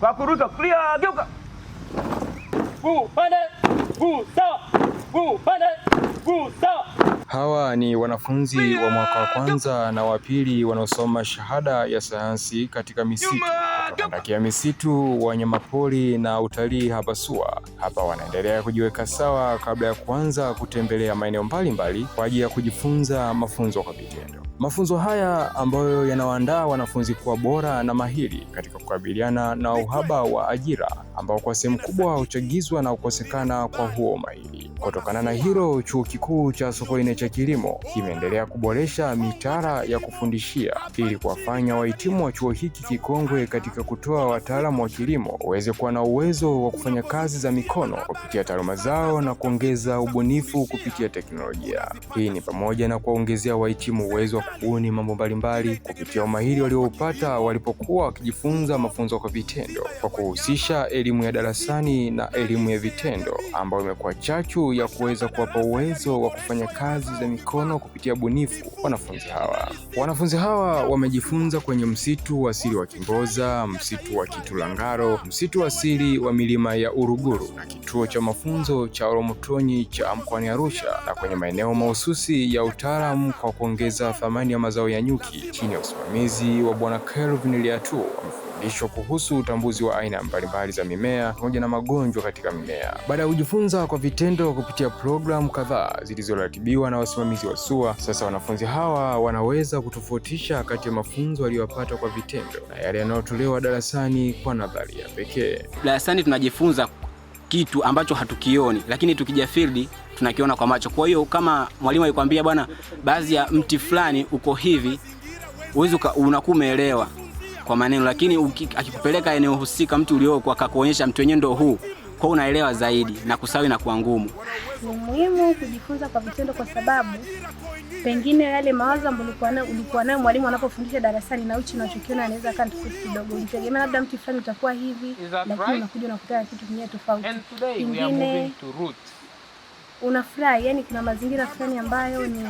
kwa kuruka kulia, geuka guu pande guu sawa, guu pande guu sawa. Hawa ni wanafunzi wa mwaka wa kwanza na wa pili wanaosoma shahada ya sayansi katika misitu ndakia misitu, wanyamapori na utalii hapa SUA. Hapa wanaendelea kujiweka sawa kabla ya kuanza kutembelea maeneo mbalimbali kwa ajili ya kujifunza mafunzo kwa vitendo. Mafunzo haya ambayo yanawaandaa wanafunzi kuwa bora na mahiri katika kukabiliana na uhaba wa ajira ambao kwa sehemu kubwa huchagizwa na kukosekana kwa huo mahiri. Kutokana na hilo, Chuo Kikuu cha Sokoine cha Kilimo kimeendelea kuboresha mitara ya kufundishia ili kuwafanya wahitimu wa chuo hiki kikongwe katika kutoa wataalamu wa kilimo waweze kuwa na uwezo wa kufanya kazi za mikono kupitia taaluma zao na kuongeza ubunifu kupitia teknolojia. Hii ni pamoja na kuwaongezea wahitimu uwezo wa kubuni mambo mbalimbali kupitia umahiri walioupata walipokuwa wakijifunza mafunzo kwa vitendo, kwa kuhusisha elimu ya darasani na elimu ya vitendo ambayo imekuwa chachu ya kuweza kuwapa uwezo wa kufanya kazi za mikono kupitia bunifu wanafunzi hawa. Wanafunzi hawa wamejifunza kwenye msitu wa asili wa Kimboza, msitu wa Kitulangaro, msitu wa asili wa milima ya Uruguru na kituo cha mafunzo cha Oromotonyi cha mkoani Arusha na kwenye maeneo mahususi ya utaalamu kwa kuongeza thamani ya mazao ya nyuki chini ya usimamizi wa Bwana Kelvin Liatu mafundisho kuhusu utambuzi wa aina mbalimbali za mimea pamoja na magonjwa katika mimea. Baada ya kujifunza kwa vitendo kupitia programu kadhaa zilizoratibiwa na wasimamizi wa SUA, sasa wanafunzi hawa wanaweza kutofautisha kati ya mafunzo waliyopata kwa vitendo na yale yanayotolewa darasani kwa nadharia pekee. Darasani tunajifunza kitu ambacho hatukioni, lakini tukija field tunakiona kwa macho. Kwa hiyo kama mwalimu alikwambia bwana, baadhi ya mti fulani uko hivi, unakuwa umeelewa kwa maneno, lakini akikupeleka eneo husika, mti ulioko akakuonyesha mtu wenyewe ndio huu, kwa unaelewa zaidi na kusawi na kuwa ngumu. Ni muhimu kujifunza kwa vitendo, kwa sababu pengine yale mawazo ambayo ulikuwa nayo ulikuwa nayo mwalimu anapofundisha darasani na uchi unachokiona anaweza kaa tofauti kidogo. Ulitegemea labda mtu fulani utakuwa hivi, lakini unakuja unakutana na kitu kingine tofauti. Pengine unafurahi, yani kuna mazingira fulani ambayo ni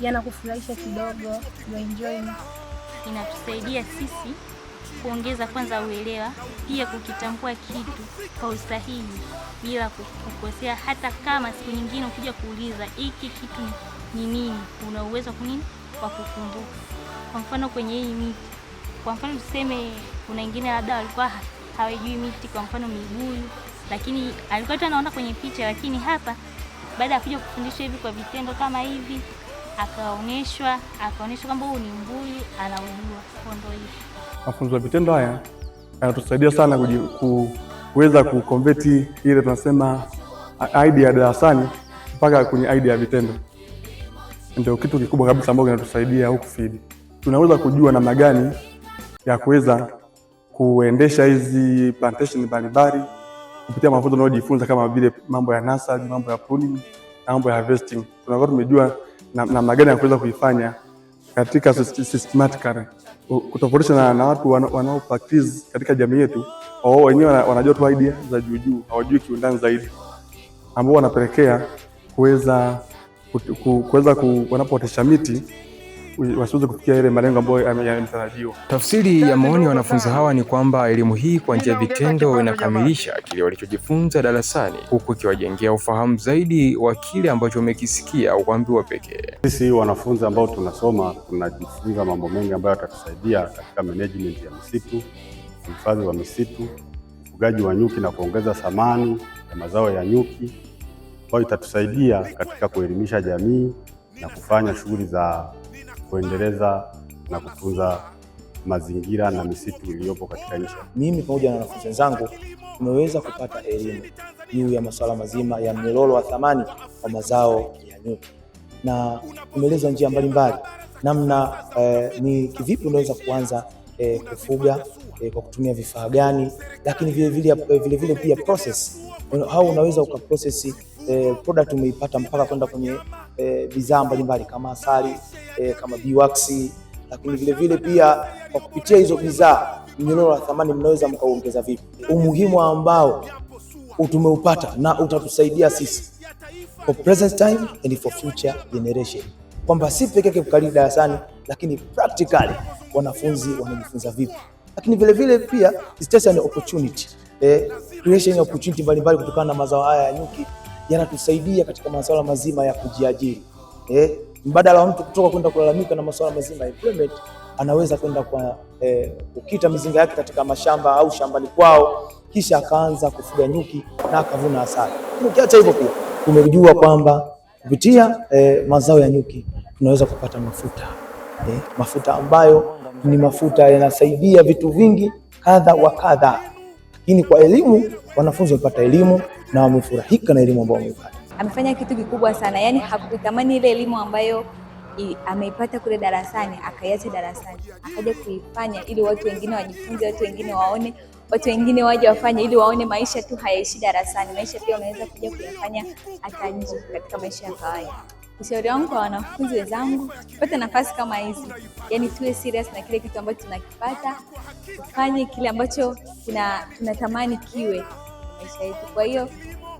yanakufurahisha kidogo, you enjoy. Inatusaidia sisi kuongeza kwanza uelewa, pia kukitambua kitu kwa usahihi bila kukosea. Hata kama siku nyingine ukija kuuliza hiki kitu ni nini, una uwezo kunini wa kukumbuka. Kwa mfano kwenye hii miti, kwa mfano tuseme kuna wengine labda walikuwa hawajui miti, kwa mfano mibuyu, lakini alikuwa tu anaona kwenye picha, lakini hapa baada ya kuja kufundishwa hivi kwa vitendo kama hivi akaonyeshwa akaonyeshwa kwamba huu ni mbuyu, anaujua. kondo hivi mafunzo ya vitendo haya yanatusaidia sana kuweza kukonveti ile tunasema idea ya darasani mpaka kwenye idea ya vitendo. Ndio kitu kikubwa kabisa ambacho kinatusaidia huku field. Tunaweza kujua namna gani ya kuweza kuendesha hizi plantation mbalimbali kupitia mafunzo tunayojifunza kama vile mambo ya nasa, mambo ya pruning, mambo ya harvesting. Tunakuwa tumejua namna gani ya kuweza kuifanya katika systematically kutofautisha na, na watu wanao practice katika jamii yetu, wao wenyewe wanajua tu idea za juu juu, hawajui kiundani zaidi, ambao wanapelekea kuweza kuweza wanapotesha miti wasiweze kufikia ile malengo ambayo yametarajiwa. Tafsiri ya maoni ya wanafunzi hawa ni kwamba elimu hii kwa njia ya vitendo inakamilisha kile walichojifunza darasani, huku ikiwajengea ufahamu zaidi wa kile ambacho wamekisikia au kuambiwa pekee. Sisi wanafunzi ambao tunasoma tunajifunza mambo mengi ambayo yatatusaidia katika management ya misitu, uhifadhi wa misitu, ufugaji wa nyuki na kuongeza thamani ya mazao ya nyuki ambayo itatusaidia katika kuelimisha jamii na kufanya shughuli za kuendeleza na kutunza mazingira na misitu iliyopo katika nchi. Mimi pamoja na wanafunzi wenzangu tumeweza kupata elimu juu ya masuala mazima ya mnyororo wa thamani wa mazao ya nyuki, na tumeelezwa njia mbalimbali namna eh, ni kivipi unaweza kuanza eh, kufuga eh, kwa kutumia vifaa gani, lakini vilevile vile, eh, vile, vile pia process au unaweza ukaprocess eh, product umeipata mpaka kwenda kwenye eh, bidhaa mbalimbali kama asali eh, kama beeswax, lakini vile vile pia kwa kupitia hizo bidhaa mnyororo wa thamani mnaweza mkauongeza vipi? Umuhimu ambao tumeupata na utatusaidia sisi for present time and for future generation, kwamba si peke yake kukariri darasani, lakini practically wanafunzi wanajifunza vipi, lakini vile vile pia it's just an opportunity eh, creation opportunity mbalimbali kutokana na mazao haya ya nyuki yanatusaidia katika masuala mazima ya kujiajiri eh, mbadala wa mtu kutoka kwenda kulalamika na masuala mazima ya employment, anaweza kwenda kwa eh, ukita mizinga yake katika mashamba au shambani kwao, kisha akaanza kufuga nyuki na akavuna asali. Ukiacha hivyo, pia tumejua kwamba kupitia eh, mazao ya nyuki tunaweza kupata mafuta eh, mafuta ambayo ni mafuta yanasaidia vitu vingi kadha wa kadha. Lakini kwa elimu, wanafunzi wamepata elimu na wamefurahika na elimu ambayo wameipata. Amefanya kitu kikubwa sana, yani hakutamani ile elimu ambayo ameipata kule darasani akaiacha darasani akaja kuifanya ili watu wengine wajifunze, watu wengine waone, watu wengine waje wafanye, ili waone maisha tu hayaishi darasani. Maisha pia wanaweza kuja kuyafanya hata nje katika maisha ya kawaida. Ushauri wangu kwa wanafunzi wenzangu, tupate nafasi kama hizi, yaani tuwe serious na kile kitu ambacho tunakipata, tufanye kile ambacho tunatamani kiwe maisha yetu. Kwa hiyo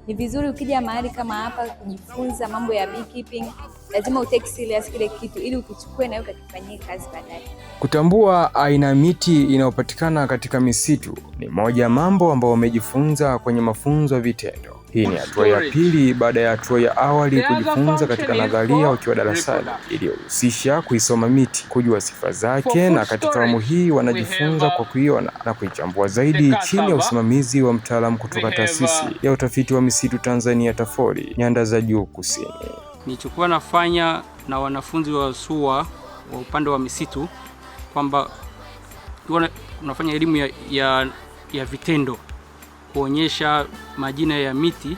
ni vizuri ukija mahali kama hapa kujifunza mambo ya beekeeping, lazima utake serious kile kitu ili ukichukue na ukakifanyie kazi baadaye. Kutambua aina miti inayopatikana katika misitu ni moja ya mambo ambayo wamejifunza kwenye mafunzo ya vitendo. Hii ni hatua ya pili baada ya hatua ya awali kujifunza katika nadharia ukiwa darasani iliyohusisha kuisoma miti, kujua sifa zake, na katika awamu hii wanajifunza kwa kuiona na kuichambua zaidi chini ya usimamizi wa mtaalamu kutoka Taasisi uh, ya Utafiti wa Misitu Tanzania TAFORI, Nyanda za Juu Kusini. nichukua nafanya na wanafunzi wa SUA wa upande wa misitu kwamba unafanya elimu ya, ya, ya vitendo kuonyesha majina ya miti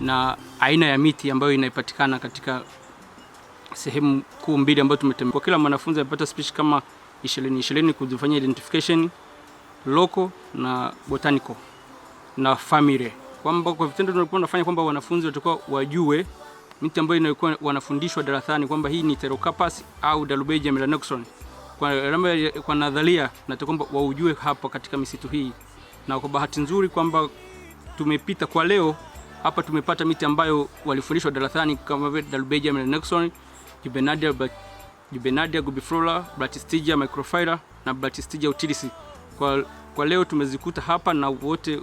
na aina ya miti ambayo inaipatikana katika sehemu kuu mbili ambayo tumetembea. Kwa kila mwanafunzi amepata speech kama 20 20 kuzifanyia identification local na botanical na family, kwamba kwa vitendo tunakuwa tunafanya kwamba wanafunzi watakuwa wajue miti ambayo inayokuwa wanafundishwa darasani kwamba hii ni Pterocarpus au Dalbergia melanoxylon, kwa, kwa nadharia natakwamba waujue hapa katika misitu hii na kwa bahati nzuri kwamba tumepita kwa leo hapa, tumepata miti ambayo walifundishwa darasani kama vile Dalbergia melanexon, Juvenadia Juvenadia gubiflora, Bratistigia microphylla na Bratistigia utilis. Kwa, kwa leo tumezikuta hapa na wote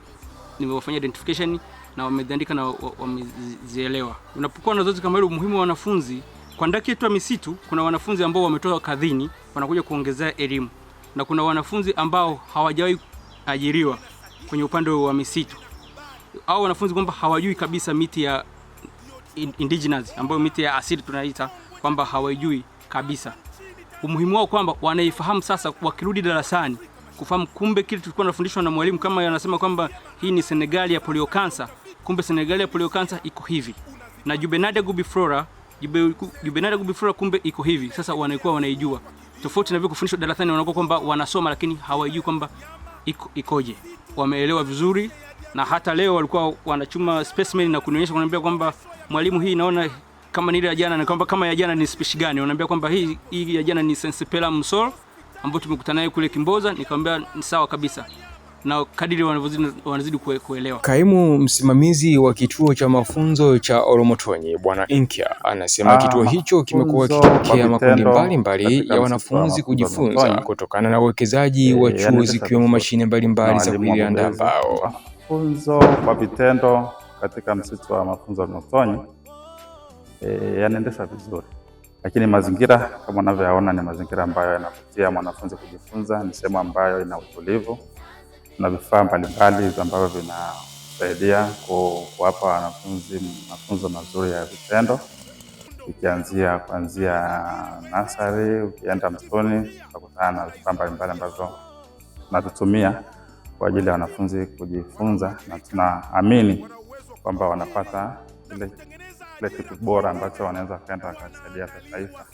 nimewafanyia identification na wameziandika na wamezielewa. Unapokuwa na zoezi kama hilo, umuhimu wa wanafunzi kwa ndaki yetu ya misitu, kuna wanafunzi ambao wametoka kadhini wanakuja kuongezea elimu na kuna wanafunzi ambao hawajawahi ajiriwa kwenye upande wa misitu au wanafunzi kwamba hawajui kabisa miti ya indigenous ambayo miti ya asili tunaita kwamba hawajui kabisa umuhimu wao, kwamba wanaifahamu sasa wakirudi darasani kufahamu, kumbe kile tulikuwa tunafundishwa na mwalimu, kama anasema kwamba hii ni Senegali ya polio cancer, kumbe Senegali ya polio cancer iko hivi na Jubenada gubiflora, Jubenada gubiflora kumbe iko hivi. Sasa wanaikuwa wanaijua tofauti na vile kufundishwa darasani, wanakuwa kwamba wanasoma lakini hawajui kwamba iko ikoje wameelewa vizuri, na hata leo walikuwa wanachuma specimen na kunionyesha kuniambia kwamba mwalimu, hii naona kama ni ile ya jana, na kwamba kama ya jana ni species gani? Wananiambia kwamba hii hii ya jana ni Sensipela sol ambayo tumekutana nayo kule Kimboza. Nikamwambia ni sawa kabisa na kadiri wanazidi kuelewa. Kaimu msimamizi wa kituo cha mafunzo cha oromotoni Bwana Inkia anasema ah, kituo hicho kimekuwa kikipokea makundi mbalimbali ya wanafunzi kujifunza kutokana na uwekezaji eh, wa chuo zikiwemo mashine mbalimbali za kuianda mbao. Mafunzo kwa vitendo katika msitu wa mafunzo ya Oromotoni e, eh, vizuri lakini mazingira kama unavyoyaona ni mazingira ambayo yanavutia mwanafunzi kujifunza. Ni sehemu ambayo ina utulivu na vifaa mbalimbali ambavyo vinasaidia kuwapa wanafunzi mafunzo mazuri ya vitendo, ikianzia kuanzia nasari, ukienda msituni utakutana na vifaa mbalimbali ambavyo tunavitumia kwa ajili ya wanafunzi kujifunza, na tunaamini kwamba wanapata kile kitu bora ambacho wanaweza wakaenda wakasaidia taifa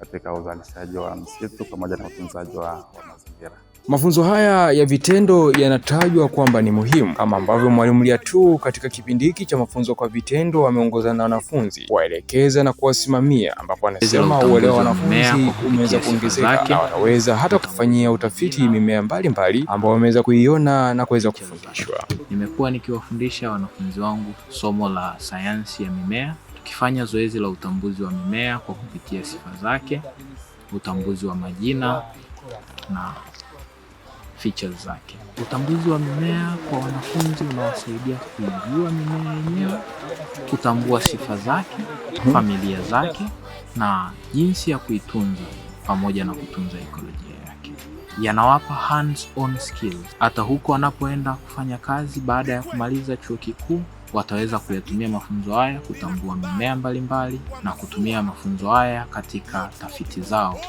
katika uzalishaji wa msitu pamoja na utunzaji wa mazingira. Mafunzo haya ya vitendo yanatajwa kwamba ni muhimu, kama ambavyo Mwalimu Liatuu katika kipindi hiki cha mafunzo kwa vitendo ameongozana na wanafunzi kuwaelekeza na kuwasimamia, ambapo anasema uelewa wanafunzi umeweza kuongezeka na wanaweza hata kufanyia utafiti mimea mbalimbali ambao wameweza kuiona na kuweza kufundishwa. Nimekuwa nikiwafundisha wanafunzi wangu somo la sayansi ya mimea, tukifanya zoezi la utambuzi wa mimea kwa kupitia sifa zake, utambuzi wa majina na features zake. Utambuzi wa mimea kwa wanafunzi unawasaidia kujua mimea yenyewe, kutambua sifa zake, mhm. familia zake na jinsi ya kuitunza pamoja na kutunza ekolojia yake. Yanawapa hands on skills. Hata huko wanapoenda kufanya kazi baada ya kumaliza chuo kikuu wataweza kuyatumia mafunzo haya kutambua mimea mbalimbali mbali, na kutumia mafunzo haya katika tafiti zao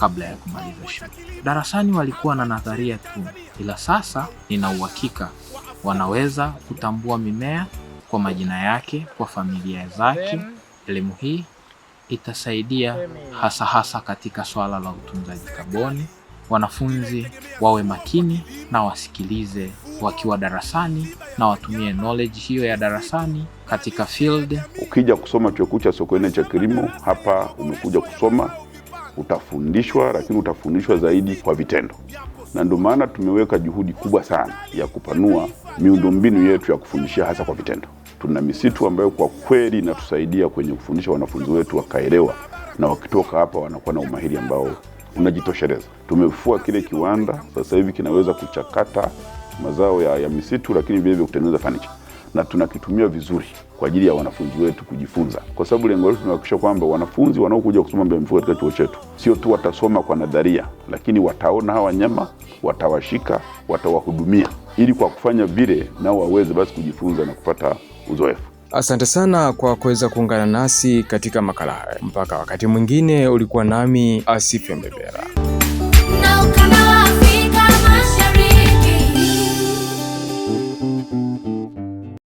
kabla ya kumaliza shule. Darasani walikuwa na nadharia tu, ila sasa nina uhakika wanaweza kutambua mimea kwa majina yake, kwa familia zake. Elimu hii itasaidia hasa hasa katika swala la utunzaji kaboni. Wanafunzi wawe makini na wasikilize wakiwa darasani na watumie knowledge hiyo ya darasani katika field. Ukija kusoma chuo kikuu cha Sokoine cha kilimo hapa, umekuja kusoma utafundishwa, lakini utafundishwa zaidi kwa vitendo, na ndio maana tumeweka juhudi kubwa sana ya kupanua miundombinu yetu ya kufundishia hasa kwa vitendo. Tuna misitu ambayo kwa kweli inatusaidia kwenye kufundisha wanafunzi wetu wakaelewa, na wakitoka hapa wanakuwa na umahiri ambao unajitosheleza. tumefua kile kiwanda sasa hivi kinaweza kuchakata mazao ya, ya misitu, lakini vile kutengeneza fanicha na tunakitumia vizuri kwa ajili ya wanafunzi wetu kujifunza, kwa sababu lengo letu ni kuhakikisha kwamba wanafunzi wanaokuja kusoma Mbeya Mifugoo katika chuo chetu sio tu watasoma kwa nadharia, lakini wataona hawa wanyama, watawashika, watawahudumia, ili kwa kufanya vile nao waweze basi kujifunza na kupata uzoefu. Asante sana kwa kuweza kuungana nasi katika makala haya. Mpaka wakati mwingine, ulikuwa nami Asifyo Mbebera.